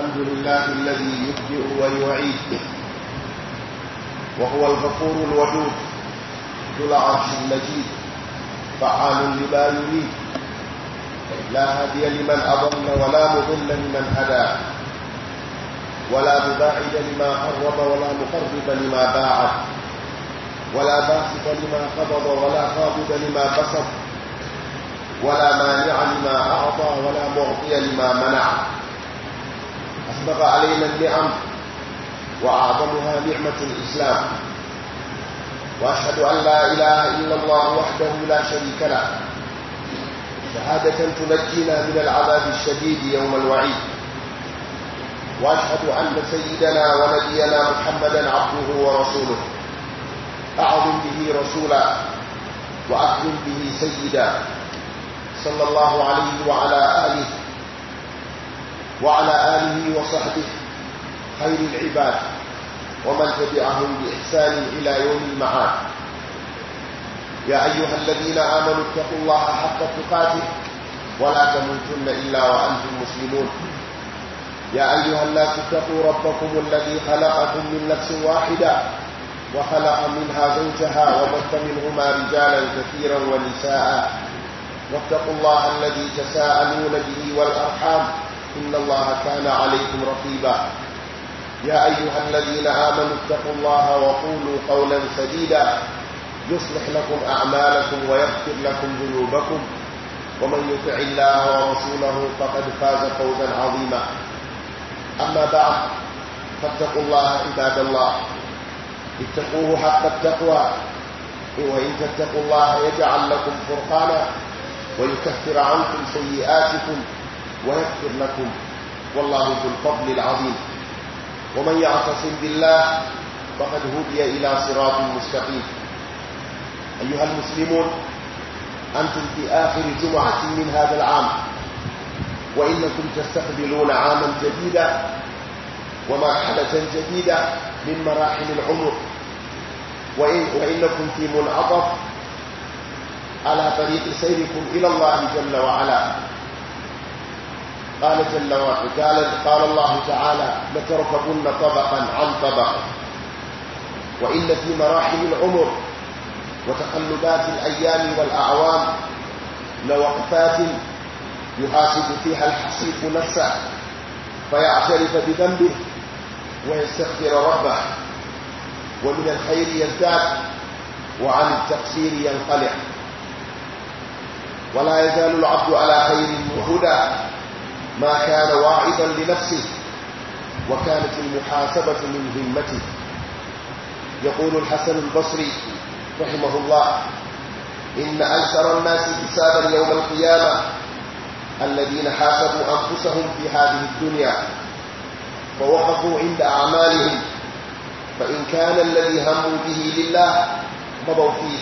الحمد لله الذي يبدئ ويعيد وهو الغفور الودود ذو العرش المجيد فعال لما يريد لا هادي لمن أضل ولا مضل لمن هدى ولا مباعد لما قرب ولا مقرب لما باعد ولا باسط لما قبض ولا قابض لما بسط ولا مانع لما أعطى ولا معطي لما منع أسبغ علينا النعم وأعظمها نعمة الإسلام وأشهد أن لا إله إلا الله وحده لا شريك له شهادة تنجينا من العذاب الشديد يوم الوعيد وأشهد أن سيدنا ونبينا محمدا عبده ورسوله أعظم به رسولا وأكرم به سيدا صلى الله عليه وعلى وعلى آله وصحبه خير العباد ومن تبعهم بإحسان إلى يوم المعاد يا أيها الذين آمنوا اتقوا الله حق تقاته ولا تموتن إلا وأنتم مسلمون يا أيها الناس اتقوا ربكم الذي خلقكم من نفس واحدة وخلق منها زوجها وبث منهما رجالا كثيرا ونساء واتقوا الله الذي تساءلون به والأرحام إن الله كان عليكم رقيبا يا أيها الذين آمنوا اتقوا الله وقولوا قولا سديدا يصلح لكم أعمالكم ويغفر لكم ذنوبكم ومن يطع الله ورسوله فقد فاز فوزا عظيما أما بعد فاتقوا الله عباد الله اتقوه حق التقوى وإن تتقوا الله يجعل لكم فرقانا ويكفر عنكم سيئاتكم ويغفر لكم والله ذو الفضل العظيم ومن يعتصم بالله فقد هدي إلى صراط مستقيم أيها المسلمون أنتم في آخر جمعة من هذا العام وإنكم تستقبلون عاما جديدا ومرحلة جديدة من مراحل العمر وإن وإنكم في منعطف على طريق سيركم إلى الله جل وعلا قال جل وعلا قال الله تعالى لتركبن طبقا عن طبق وإن في مراحل العمر وتقلبات الأيام والأعوام لوقفات يحاسب فيها الحسيب نفسه فيعترف بذنبه ويستغفر ربه ومن الخير يزداد وعن التقصير ينقلع ولا يزال العبد على خير وهدى ما كان واعظا لنفسه وكانت المحاسبة من ذمته يقول الحسن البصري رحمه الله إن أيسر الناس حسابا يوم القيامة الذين حاسبوا أنفسهم في هذه الدنيا فوقفوا عند أعمالهم فإن كان الذي هموا به لله مضوا فيه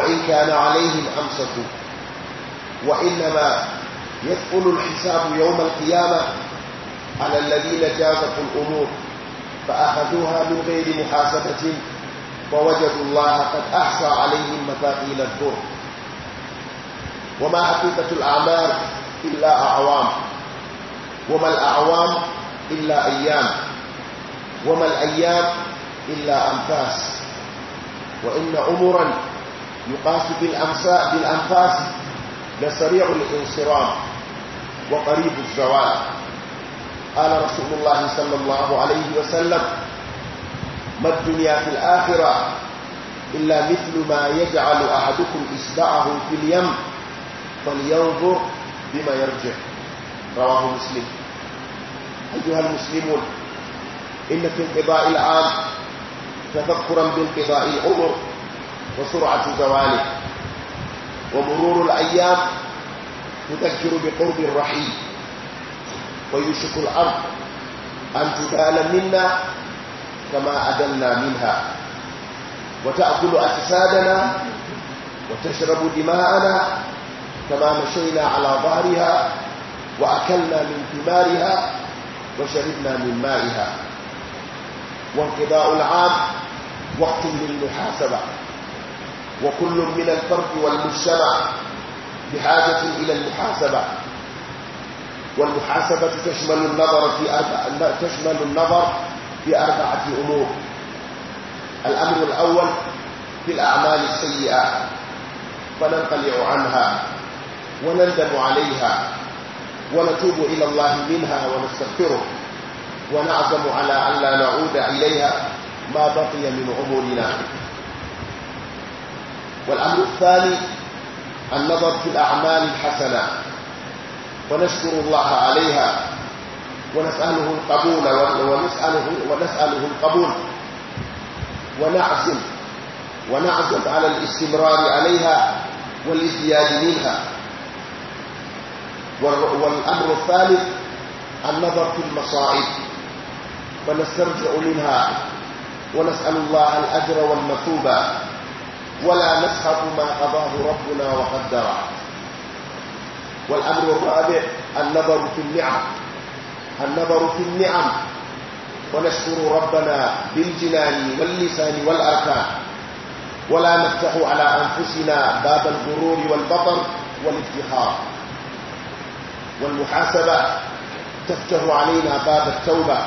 وإن كان عليهم أمسكوا وإنما يثقل الحساب يوم القيامة على الذين جازفوا الأمور فأخذوها من غير محاسبة ووجدوا الله قد أحصى عليهم مفاتيل الدور وما حقيقة الأعمال إلا أعوام وما الأعوام إلا أيام وما الأيام إلا أنفاس وإن عمرا يقاس بالأنفاس لسريع الانصرام وقريب الزوال قال رسول الله صلى الله عليه وسلم ما الدنيا في الآخرة إلا مثل ما يجعل أحدكم إصبعه في اليم فلينظر بما يرجع رواه مسلم أيها المسلمون إن في انقضاء العام تذكرا بانقضاء العمر وسرعة زواله ومرور الأيام يذكر بقرب الرحيم ويوشك الأرض أن تدال منا كما أدلنا منها وتأكل أجسادنا وتشرب دماءنا كما مشينا على ظهرها وأكلنا من ثمارها وشربنا من مائها وانقضاء العام وقت للمحاسبة وكل من الفرد والمجتمع بحاجة إلى المحاسبة والمحاسبة تشمل النظر في أربع تشمل النظر في أربعة أمور الأمر الأول في الأعمال السيئة فننقلع عنها ونندم عليها ونتوب إلى الله منها ونستغفره ونعزم على أن لا نعود إليها ما بقي من عمرنا والأمر الثاني النظر في الأعمال الحسنة ونشكر الله عليها ونسأله القبول ونسأله, ونسأله القبول ونعزم ونعزم على الاستمرار عليها والازدياد منها والأمر الثالث النظر في المصائب ونسترجع منها ونسأل الله الأجر والمثوبة ولا نسخط ما قضاه ربنا وقدره والأمر الرابع النظر في النعم النظر في النعم ونشكر ربنا بالجنان واللسان والأركان ولا نفتح على أنفسنا باب الغرور والبطر والافتخار والمحاسبة تفتح علينا باب التوبة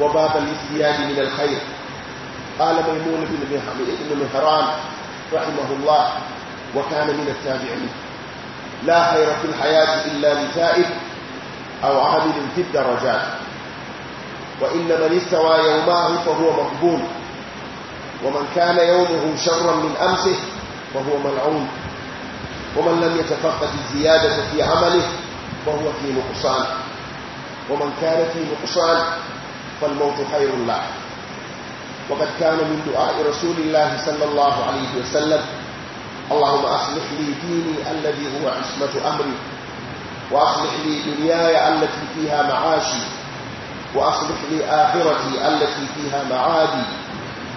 وباب الاستياد من الخير قال ميمون بن مهران رحمه الله وكان من التابعين لا خير في الحياة إلا لتائب أو عامل في الدرجات وإن من استوى يوماه فهو مقبول ومن كان يومه شرا من أمسه فهو ملعون ومن لم يتفقد الزيادة في عمله فهو في نقصان ومن كان في نقصان فالموت خير له وقد كان من دعاء رسول الله صلى الله عليه وسلم اللهم أصلح لي ديني الذي هو عصمة أمري وأصلح لي دنياي التي فيها معاشي وأصلح لي آخرتي التي فيها معادي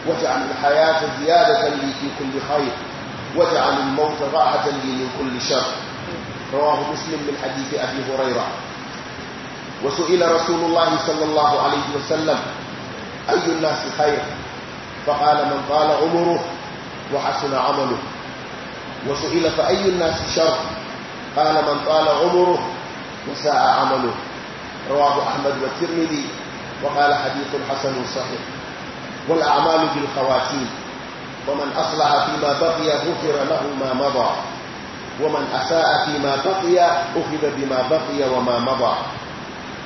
واجعل الحياة زيادة لي في كل خير واجعل الموت راحة لي من كل شر رواه مسلم من حديث أبي هريرة وسئل رسول الله صلى الله عليه وسلم أي الناس خير فقال من طال عمره وحسن عمله وسئل فأي الناس شر قال من طال عمره وساء عمله رواه أحمد والترمذي وقال حديث حسن صحيح والأعمال بالخواتيم ومن أصلح فيما بقي غفر له ما مضى ومن أساء فيما بقي أخذ بما بقي وما مضى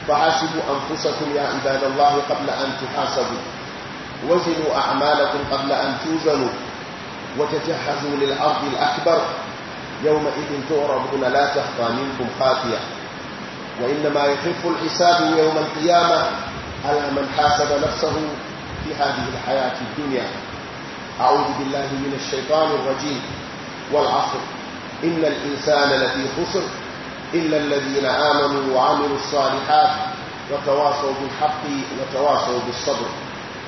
فحاسبوا أنفسكم يا عباد الله قبل أن تحاسبوا وزنوا أعمالكم قبل أن توزنوا وتجهزوا للعرض الأكبر يومئذ تعرضون لا تخفى منكم خافية وإنما يخف الحساب يوم القيامة على من حاسب نفسه في هذه الحياة الدنيا أعوذ بالله من الشيطان الرجيم والعصر إن الإنسان لفي خسر إلا الذين آمنوا وعملوا الصالحات وتواصوا بالحق وتواصوا بالصبر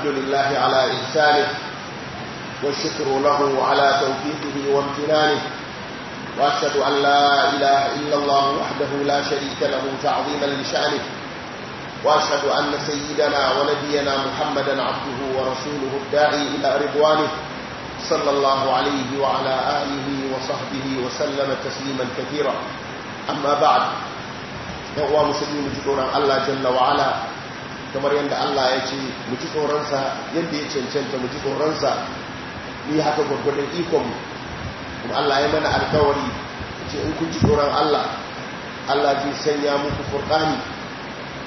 الحمد لله على إحسانه والشكر له على توفيقه وامتنانه وأشهد أن لا إله إلا الله وحده لا شريك له تعظيما لشأنه وأشهد أن سيدنا ونبينا محمدا عبده ورسوله الداعي إلى رضوانه صلى الله عليه وعلى آله وصحبه وسلم تسليما كثيرا أما بعد يقوى مسلمين جدنا الله جل وعلا kamar yadda Allah ya ce muci tsoronsa yadda ya cancanta mu tsoronsa ni haka gwargwadon ikonmu kuma Allah ya mana alkawari ce in kun ci tsoron Allah Allah zai sanya muku furkani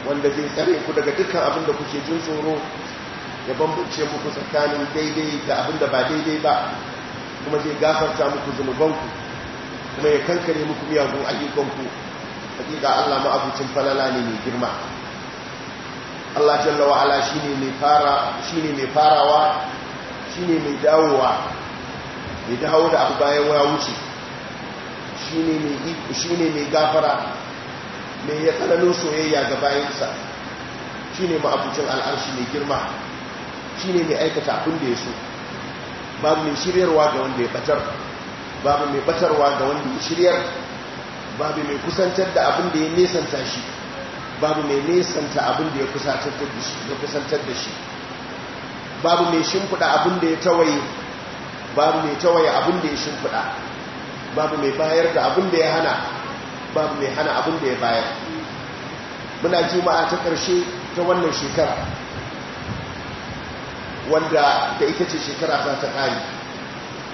wanda zai tsare ku daga dukkan abin da kuke jin tsoro ya bambance muku tsakanin daidai da abin da ba daidai ba kuma zai gafarta muku zunubanku kuma ya kankare muku miyagun ayyukanku hakika Allah ma'abucin falala ne mai girma Allah jalla wa ala shine mai fara shine mai farawa shine mai dawowa mai dawo da abu bayan ya wuce shine mai shine mai gafara mai ya tsananin soyayya ga sa shine abucin al'arshi mai girma shine mai aikata abin da ya so babu mai shiryarwa ga wanda ya batar babu mai batarwa ga wanda ya shiryar babu mai kusantar da abin da ya nesanta shi babu mai nesanta abin da ya kusantar da shi babu mai shimfiɗa abin da ya tawaye babu mai tawaye abin da ya shimfiɗa babu mai bayar da abin da ya hana babu mai hana abin da ya bayar muna juma'a ta ƙarshe ta wannan shekara wanda da ita ce shekara za ta ƙari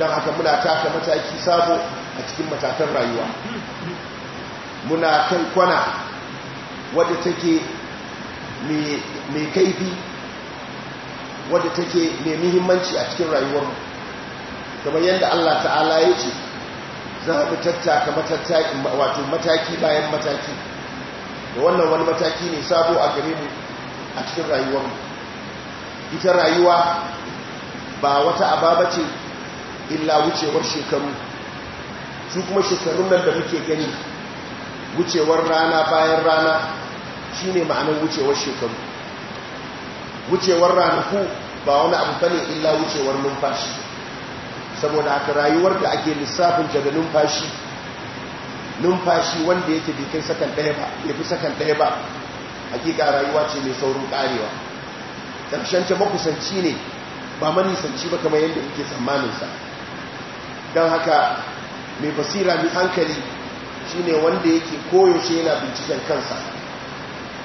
don haka muna taka mataki sabo a cikin matakan rayuwa muna kankwana. kwana wadda take mai kaifi wadda take mai muhimmanci a cikin rayuwarmu kamar yadda Allah ta'ala ya ce za mu tattaka wato mataki bayan mataki da wannan wani mataki ne sabo a gare mu a cikin rayuwarmu ita rayuwa ba wata ababa ce illa wucewar shekaru su kuma shekarun nan da muke gani wucewar rana bayan rana shi ne ma'anar wucewar shekaru wucewar ranaku ba wani abu bane illa wucewar numfashi saboda haka rayuwar da ake lissafin da numfashi numfashi wanda yake bikin sakan ɗaya ba ya fi sakan ɗaya ba hakika rayuwa ce mai saurin ƙarewa ƙarshen ta makusanci ne ba manisanci ba kamar yadda yake tsammaninsa don haka mai basira mai hankali shine wanda yake koyaushe yana binciken kansa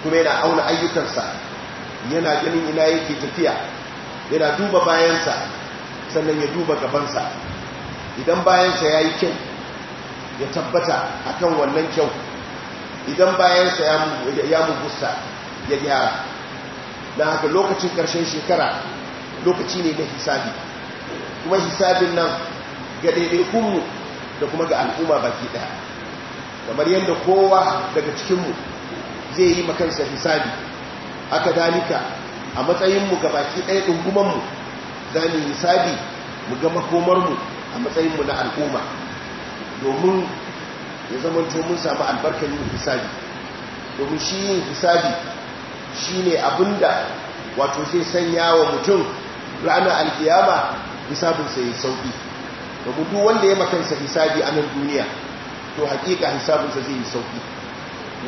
kuma yana auna ayyukansa yana ganin ina yake tafiya yana duba bayansa sannan ya duba gabansa idan bayansa ya yi kyau ya tabbata akan wannan kyau idan bayansa ya mugusta ya gyara na haka lokacin ƙarshen shekara lokaci ne na hisabi kuma hisabin nan ga ɗaiɗaikunmu da kuma ga al'umma baki ɗaya kamar yadda kowa daga cikinmu zai yi makansa hisabi aka dalika a matsayinmu ga baki ɗaya ɗungumanmu za mu hisabi mu ga makomarmu a matsayinmu na al'umma domin ya zamanto mun samu albarkar yin hisabi domin shi yin hisabi shi ne da wato zai sanya wa mutum ranar alkiyama hisabinsa ya sauƙi domin duk wanda ya makansa hisabi a nan duniya to hakika hisabinsa zai yi sauƙi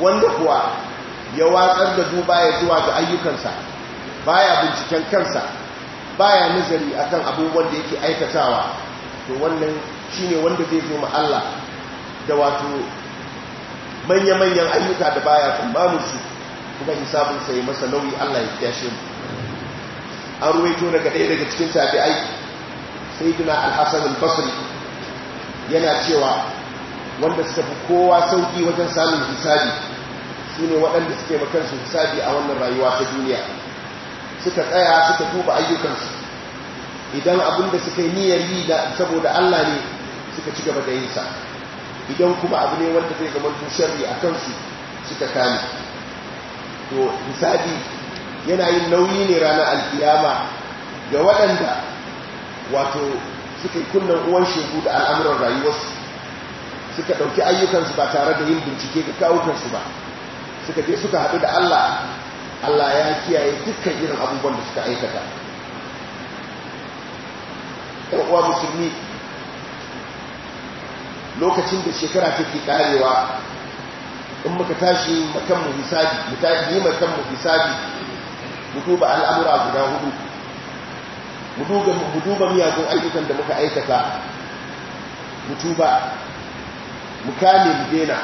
wanda kuwa ya watsar da duba ya zuwa ga ayyukansa baya binciken kansa baya nazari akan abubuwan da yake aikatawa to wannan shine wanda zai zo ma Allah da wato manya-manyan ayyuka da baya tambamu su kuma sabon sai masa nauyi Allah ya kiyashe mu an ruwaito daga ɗaya daga cikin tabi'ai sayyidina al-Hasan al-Basri yana cewa wanda suka fi kowa sauki wajen samun hisabi su ne waɗanda suke makansu hisabi a wannan rayuwa ta duniya suka tsaya suka tuba ayyukansu idan abinda suka yi niyyar yi saboda Allah ne suka ci gaba da yinsa idan kuma abu ne wanda zai zama sharri a kansu suka kame to hisabi yana yin nauyi ne ranar alkiyama ga waɗanda wato suka yi kunnan uwan shegu da al'amuran rayuwarsu suka ɗauki ayyukansu ba tare da yin bincike ga kawukansu ba suka je suka haɗu da Allah Allah ya kiyaye dukkan irin abubuwan da suka aikata uwa musulmi lokacin da shekara take karewa in muka tashi makan mu hisabi mu tashi yi makan mu hisabi mu duba al'amura guda hudu mu duba miyagun ayyukan da muka aikata mu tuba mu kame mu dena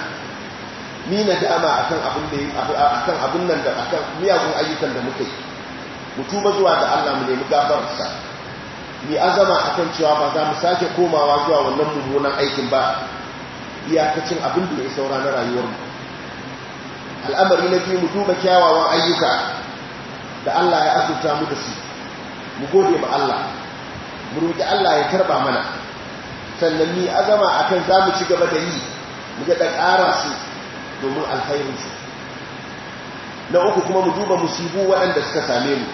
ni na dama akan abin da akan abin nan da akan miyagun ayyukan da muke yi mu tuba zuwa ga Allah mu nemi gafararsa ni azama akan cewa ba za mu sake komawa zuwa wannan mummunan aikin ba iyakacin abin da ya saura na rayuwar mu al'amari na biyu mu duba kyawawan ayyuka da Allah ya azurta mu da su mu gode ma Allah mu roki Allah ya karba mana sannan ni azama akan za mu ci gaba da yi mu ga da ƙara su domin alkhairinsu na uku kuma mu duba musibu waɗanda suka same mu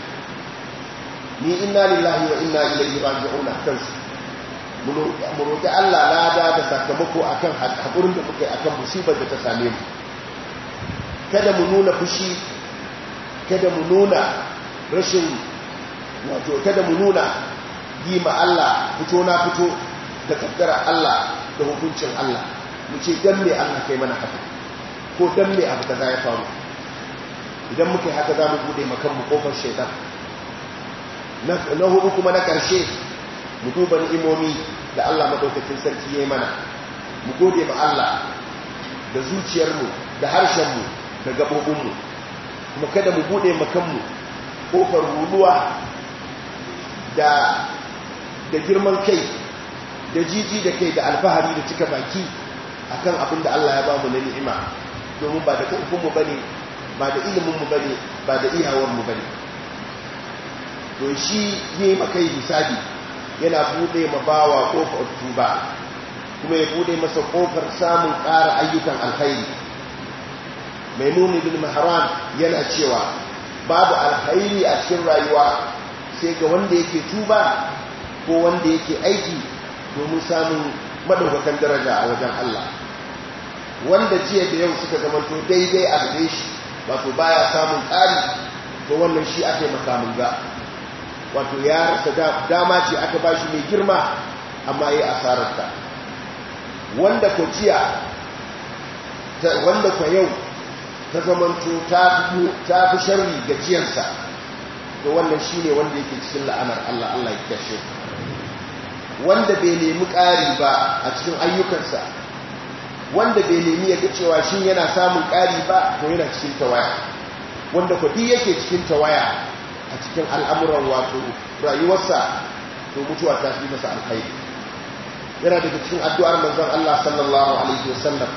ni inna lillahi wa inna ilaihi raji'un kansu mu roƙi Allah lada da sakamako akan haƙurin da muka akan musibar da ta same mu kada mu nuna fushi kada mu nuna rashin wato kada mu nuna yi ma Allah fito na fito da kaddara Allah da hukuncin Allah mu ce dan me Allah kai mana haka ko dan mai abu kaza ya faru idan muke haka za mu bude makan mu kofar shaitan na hudu kuma na karshe mu duba ni'imomi da Allah madaukakin sarki yayi mana mu gode ma Allah da mu da harshenmu da Mu kuma kada mu bude mu kofar ruduwa da da girman kai da jiji da kai da alfahari da cika baki akan abin da Allah ya ba mu na ni'ima domin ba da ƙarfinmu ba ne ba da iliminmu ba ne ba da iyawarmu ba ne to shi ne makai misali yana buɗe ma bawa ƙofar tuba kuma ya buɗe masa ƙofar samun ƙara ayyukan alkhairi mai nuni bin maharan yana cewa babu alhairi a cikin rayuwa sai ga wanda yake tuba ko wanda yake aiki domin samun madaukakan daraja a wajen Allah wanda jiya da yau suka to daidai a gare shi wato baya samun ƙari to wannan shi ake makamun ga wato ya rasa dama ce aka ba shi mai girma amma ya asararta wanda ko jiya wanda ko yau ta zamanto ta fi sharri ga jiyarsa to wannan shi ne wanda yake cikin la'anar Allah Allah ya kashe wanda bai nemi ƙari ba a cikin ayyukansa wanda bai nemi ya ga cewa shi yana samun ƙari ba to yana cikin tawaya wanda kuɗi yake cikin tawaya a cikin al'amuran wato rayuwarsa to mutuwa ta fi masa alkhairi yana daga cikin addu'ar manzon Allah sallallahu alaihi wasallam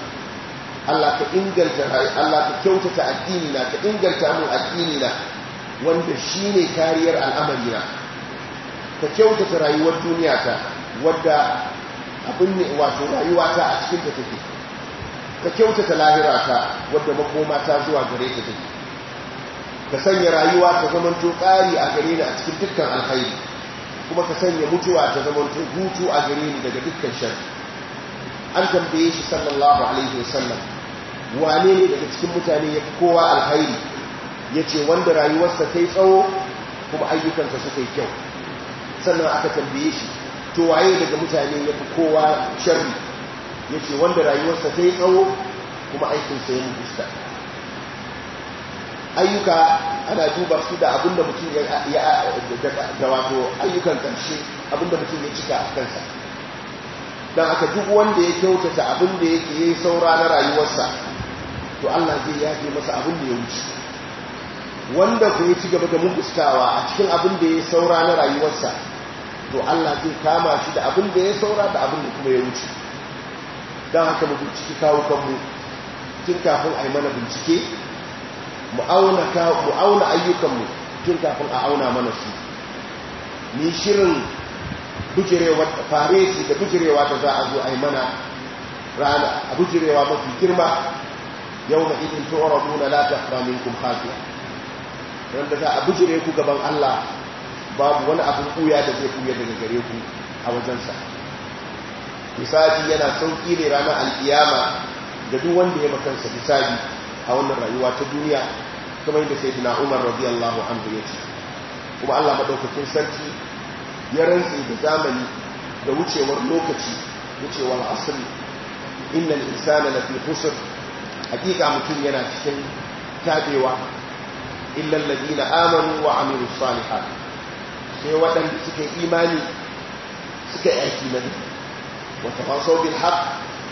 Allah ka inganta Allah ka kyautata addini na ka inganta mu addini na wanda shine kariyar al'amari na ka kyautata rayuwar duniya ta wadda abin ne wato rayuwa ta a cikin ta take ka kyautata lahira ta wadda makoma ta zuwa gare ta ka sanya rayuwa ta zamanto ƙari a gare ni a cikin dukkan alkhairi kuma ka sanya mutuwa ta to hutu a gare ni daga dukkan shan an tambaye shi sallallahu alaihi wasallam wane ne daga cikin mutane ya fi kowa alkhairi ya ce wanda rayuwarsa ta yi tsawo kuma ayyukansa suka yi kyau sannan aka tambaye shi to waye daga mutane ya fi kowa sharri yace wanda rayuwarsa ta yi tsawo kuma aikinsa ya mutusta ayyuka ana duba su da abinda mutum ya da wato ayyukan ƙarshe abinda mutum ya cika a kansa don aka duk wanda ya kyautata abinda ke yi saura na rayuwarsa to Allah zai yafe masa abinda ya wuce wanda ku ya ci gaba da mugustawa a cikin abinda ya saura na rayuwarsa to Allah zai kama shi da abinda ya saura da abinda kuma ya wuce don haka mu binciki kawo kanmu tun kafin a yi mana bincike mu auna ayyukanmu tun kafin a auna mana su ni shirin faresi da bujirewa ta za a zo a yi mana rana a bujirewa mafi girma yau na idin tsoron nuna latar ramin kumfasiya wanda za a bujire ku gaban allah babu wani abin kuya da zai kuya daga gare ku a wajensa hisabi yana sauki ne ranar alkiyama da duk wanda ya makansa hisabi a wannan rayuwa ta duniya kuma yadda sai dina umar radiyallahu anhu ya ce kuma allah maɗaukakin sarki ya rantse da zamani da wucewar lokaci wucewar asali innal insana na fi husur hakika mutum yana cikin tabewa illal ladina amanu wa amilu salihat sai waɗanda suka imani suka yaki na وتواصوا بالحق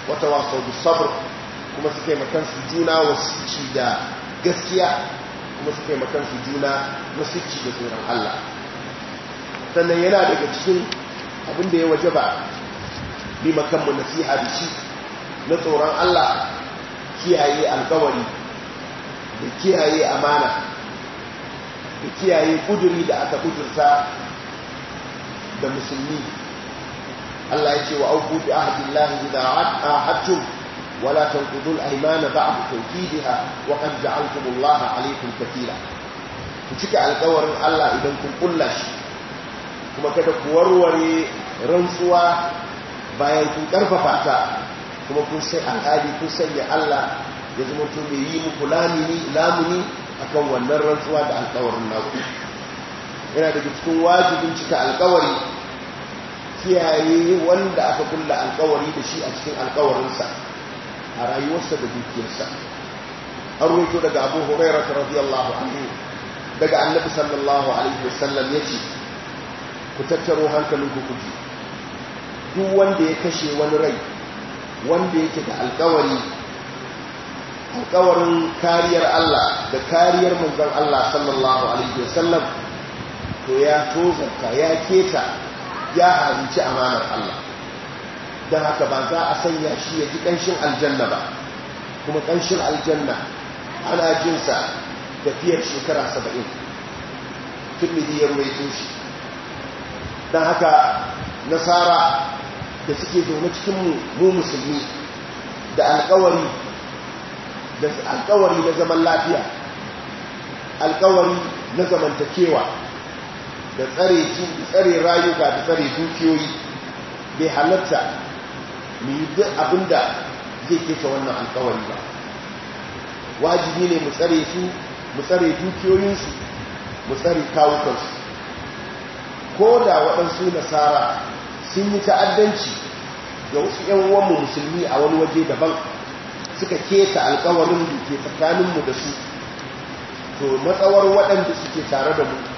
وتواصوا بالصبر كما سكي مكان سجونا وسكي دا قسكيا كما سكي مكان سجونا وسكي دا سورة الله sannan yana daga cikin abin da ya waje ba bi makanmu nasiha da shi na tsoron Allah kiyaye alkawari da kiyaye amana da kiyaye kuduri da aka kudurta da musulmi Allah ya ce wa auku bi ahdillahi idza ahadtum ah, wala tanqudul aymana ba'da tawkidiha wa qad ja'altumullaha alaykum kafila ku cika alƙawarin Allah idan kun kulla shi kuma kada ku warware rantsuwa bayan kun karfafa ta kuma kun sai alƙali kun sanya Allah ya zama to mai yi muku lamini lamuni akan wannan rantsuwa da alƙawarin naku yana daga cikin wajibin cika alƙawari kiyaye wanda aka kulla alkawari da shi a cikin alkawarinsa a rayuwarsa da dukiyarsa an roto daga abu huraira radiyallahu anhu daga annabi sallallahu alaihi wasallam ya ku tattaro hankalin ku kuji duk wanda ya kashe wani rai wanda yake da alkawari alkawarin kariyar Allah da kariyar manzon Allah sallallahu alaihi wasallam to ya tozarta ya keta ya harinci amanar Allah don haka ba za a sanya shi ya ji ƙanshin aljanna ba kuma ƙanshin aljanna ana jinsa tafiyar shekara saba'in tun ya mai shi don haka nasara da suke zaune cikin mu musulmi da alkawari da alkawari na zaman lafiya alkawari na zamantakewa da tsare rayuka da tsare dukiyoyi bai halatta mu yi duk abin da zai keta wannan alkawari ba wajibi ne mu tsare su mu tsare dukiyoyinsu mu tsare kawukansu ko da waɗansu nasara sun yi ta'addanci ga wasu ‘yan musulmi a wani waje daban suka keta alkawarin da ke tsakaninmu da su to matsawar waɗanda suke tare da mu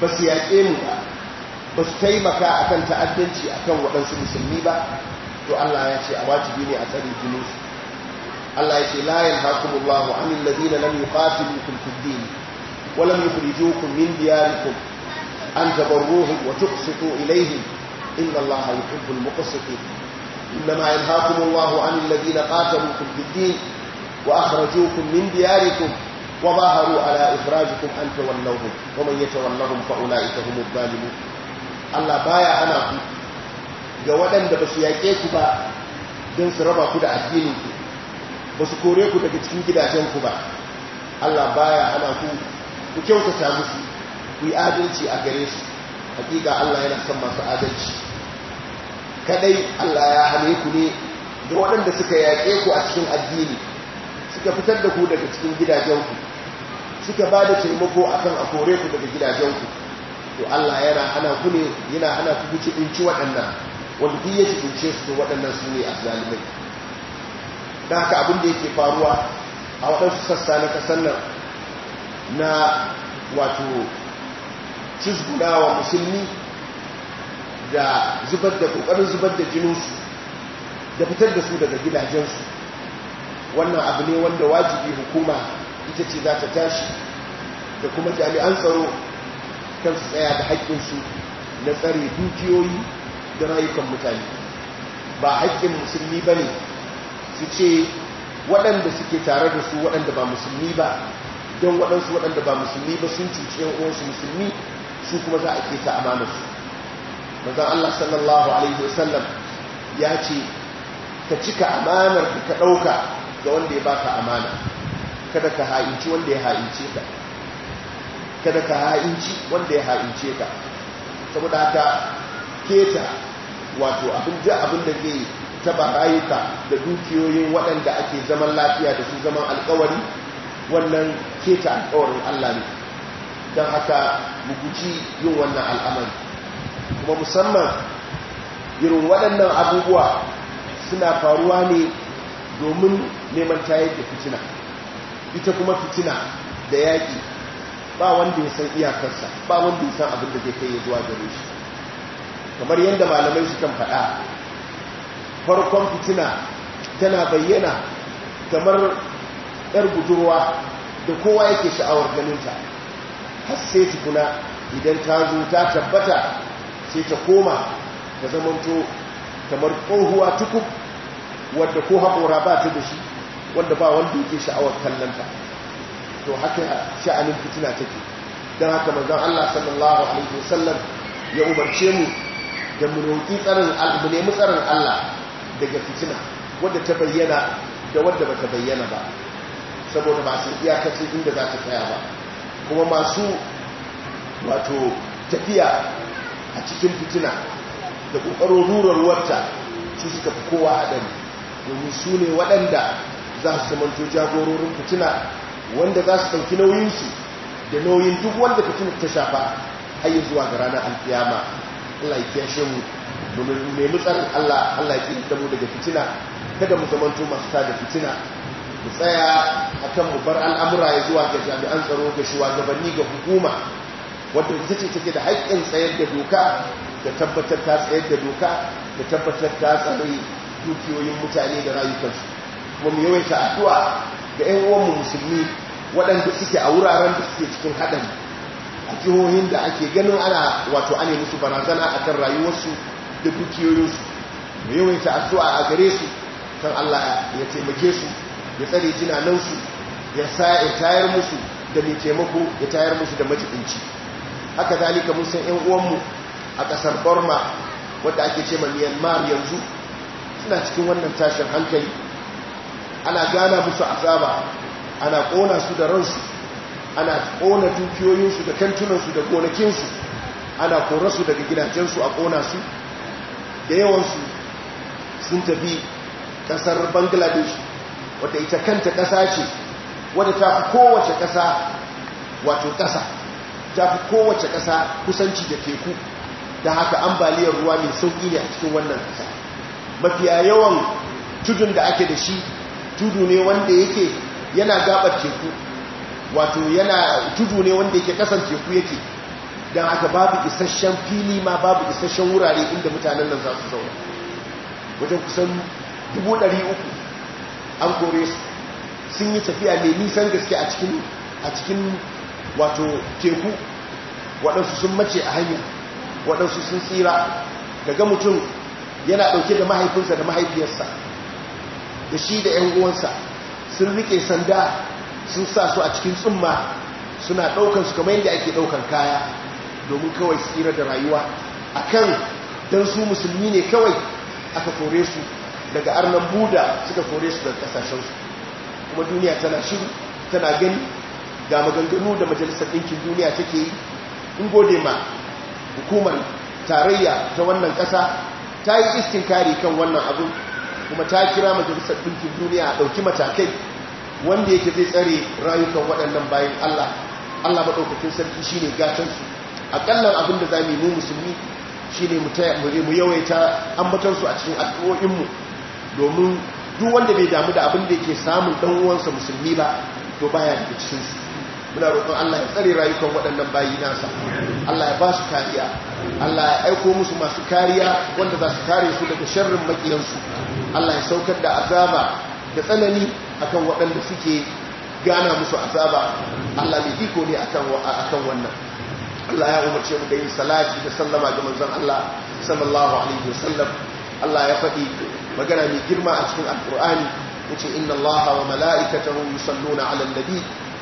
ba su yaƙe mu ba ba su taimaka a kan ta'addanci a kan waɗansu musulmi ba to Allah ya ce a wajibi ne a tsari jininsu Allah ya ce lam min an وظاهروا على إخراجكم أن تولوهم ومن يتولهم فأولئك هم الظالمون الله بايا أنا ga waɗanda ba su yaƙe ku ba don su raba ku da addininku ba su kore ku daga cikin gidajenku ba Allah baya ana ku ku kyautata musu ku yi adalci a gare su hakika Allah yana son masu adalci Kaɗai Allah ya hane ku ne ga waɗanda suka yaƙe ku a cikin addini suka fitar da ku daga cikin gidajenku suka ba da taimako akan a kore ku daga gidajenku to Allah yana ana ku ne yana ana ku ku ɗinci waɗannan wanda duk ya su waɗannan su ne a zalimai da haka abin da yake faruwa a waɗansu sassa na ƙasar nan na wato cizgunawa musulmi da zubar da ƙoƙarin zubar da jininsu da fitar da su daga gidajensu wannan abu ne wanda wajibi hukuma ita ce za ta tashi da kuma jami'an tsaro kan su tsaya da haƙƙinsu na tsare dukiyoyi da rayukan mutane ba haƙƙin musulmi ba ne su ce waɗanda suke tare da su waɗanda ba musulmi ba don waɗansu waɗanda ba musulmi ba sun cuci yan uwansu musulmi su kuma za a keta amanarsu mazan Allah sallallahu alaihi wasallam ya ce ka cika amanar da ka ɗauka ga wanda ya baka amana kada ka ha'inci wanda ya ha'ince ka kada ka ha'inci wanda ya ha'ince ka saboda haka keta wato abin da abin da zai taba rayuka da dukiyoyin waɗanda ake zaman lafiya da su zaman alkawari wannan keta alkawarin Allah ne don haka guji yin wannan al'amari kuma musamman irin waɗannan abubuwa suna faruwa ne domin neman tayar da fitina ita kuma fitina da yaƙi ba wanda ya san iyakarsa ba wanda ya san abin da zai kai ya zuwa gare shi kamar yadda malamai su kan faɗa farkon fitina tana bayyana kamar ɗar budurwa da kowa yake sha'awar ganinta har sai tukuna idan ta zo ta tabbata sai ta koma ta zamanto kamar tsohuwa tukub wadda ko haƙora ba ta da shi wanda ba wanda yake sha'awar kallon ta to haka sha'anin fitina take don haka manzon Allah sallallahu alaihi wasallam ya umarce mu da mu roƙi tsarin mu nemi tsarin Allah daga fitina wadda ta bayyana da wadda bata bayyana ba saboda masu iyakacin inda za ta tsaya ba kuma masu wato tafiya a cikin fitina da kokarin rurar wata su suka fi kowa haɗari domin su ne waɗanda za su zamanto jagororin fitina wanda za su sauki nauyinsu da nauyin duk wanda fitina ta shafa har zuwa ga ranar alkiyama Allah ya kiyashe mu mai mutsarin Allah Allah ya kiyar da mu daga fitina kada mu zamanto masu tada fitina mu tsaya akan kan mu bar al'amura ya zuwa ga jami'an tsaro ga shugabanni ga hukuma wadda ita ce take da haƙƙin tsayar da doka da tabbatar ta tsayar da doka da tabbatar ta tsari dukiyoyin mutane da rayukansu kuma mu yawaita addu'a ga ƴan uwanmu musulmi waɗanda suke a wuraren da suke cikin haɗari a jihohin da ake ganin ana wato ane musu barazana a kan rayuwarsu da dukiyoyinsu mu yawaita addu'a a gare su kan Allah ya taimake su ya tsare su ya sa ya tayar musu da mai taimako ya tayar musu da majibinci haka zalika mun san ƴan uwanmu a ƙasar Burma wadda ake ce ma Myanmar yanzu suna cikin wannan tashin hankali ana gana musu azaba ana kona su da ransu ana kona dukiyoyinsu da kantunansu da gonakinsu ana su daga gidajensu a kona su da yawansu sun tafi kasar bangladesh wata ita kanta kasa ce wadda ta fi kowace kasa wato kasa ta fi kowace kasa kusanci da teku da haka ambaliyar ruwa mai sauƙi ne a cikin wannan kasa mafiya yawan tudun da ake da shi tudu ne wanda yake yana gabar teku wato yana tudu ne wanda yake kasan teku yake don aka babu isasshen fili ma babu isasshen wurare inda mutanen nan za su zauna wajen kusan 300 an kore su sun yi tafiya mai nisan gaske a cikin wato teku waɗansu sun mace a hanyar waɗansu sun tsira daga mutum yana ɗauke da mahaifinsa da mahaifiyarsa da shi da 'yan uwansa sun rike sanda sun sa su a cikin tsumma suna ɗaukan su kamar yadda ake ɗaukan kaya domin kawai tsira da rayuwa a kan don su musulmi ne kawai aka kore su daga arnan buda suka kore su daga kasashensu kuma duniya tana shiru tana gani ga maganganu da majalisar ɗinkin duniya take yi in gode ma hukumar tarayya ta wannan ƙasa ta yi iskin kare kan wannan abin kuma ta kira majalisar ɗinkin duniya a ɗauki matakai wanda yake zai tsare rayukan waɗannan bayan Allah Allah maɗaukakin sarki shi ne gatansu aƙallan abin da za mu yi mu musulmi shi ne mu yawaita ambatansu a cikin addu'o'inmu domin duk wanda bai damu da abin da yake samun ɗan uwansa musulmi ba to baya daga cikinsu muna roƙon Allah ya tsare rayukan waɗannan bayi nasa Allah ya ba su kariya Allah ya aiko musu masu kariya wanda za su kare su daga sharrin makiyansu Allah ya saukar da azaba da tsanani akan waɗanda suke gana musu azaba Allah mai iko ne akan wannan Allah ya umarce mu da yin salati da sallama ga manzon Allah sallallahu alaihi wasallam Allah ya faɗi magana mai girma a cikin alkur'ani yace inna Allah wa mala'ikatahu yusalluna 'alan nabi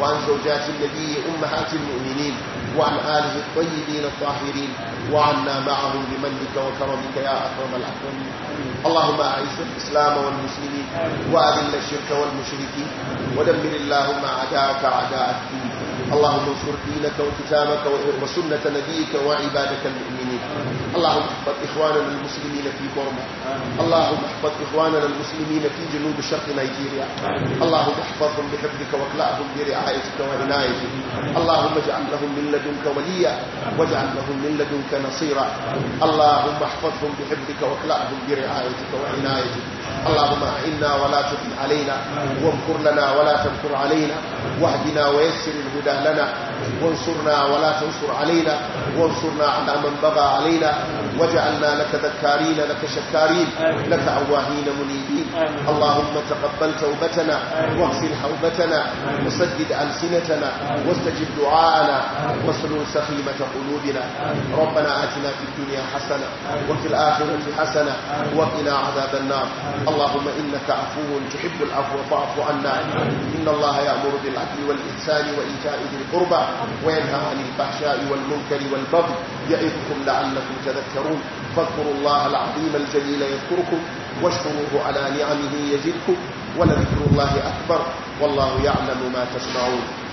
وعن زوجات النبي أمهات المؤمنين وعن آله الطيبين الطاهرين وعنا معهم بمنك وكرمك يا أكرم الأكرمين اللهم أعز الإسلام والمسلمين وأذل الشرك والمشركين ودمر اللهم أعداءك أعداء الدين اللهم انصر دينك وكتابك وسنة نبيك وعبادك المؤمنين اللهم احفظ إخواننا المسلمين في بورما اللهم احفظ إخواننا المسلمين في جنوب شرق نيجيريا اللهم احفظهم بحفظك واكلأهم برعايتك وعنايتك اللهم اجعل لهم من لدنك وليا واجعل لهم من لدنك نصيرا اللهم احفظهم بحفظك واكلأهم برعايتك وعنايتك اللهم اعنا ولا تفن علينا وامكر لنا ولا تمكر علينا واهدنا ويسر الهدى لنا وانصرنا ولا تنصر علينا وانصرنا على من بغى علينا وجعلنا لك ذكارين لك شكارين لك أواهين منيبين اللهم تقبل توبتنا واغسل حوبتنا وسدد ألسنتنا واستجب دعاءنا واسلل سخيمة قلوبنا ربنا آتنا في الدنيا حسنة وفي الآخرة حسنة وقنا عذاب النار اللهم إنك عفو تحب العفو فاعف عنا إن الله يأمر بالعدل والإحسان وإيتاء ذي القربى وينهى عن الفحشاء والمنكر والبغي يعظكم لعلكم تذكرون فاذكروا الله العظيم الجليل يذكركم واشكروه على نعمه يزدكم ولذكر الله أكبر والله يعلم ما تسمعون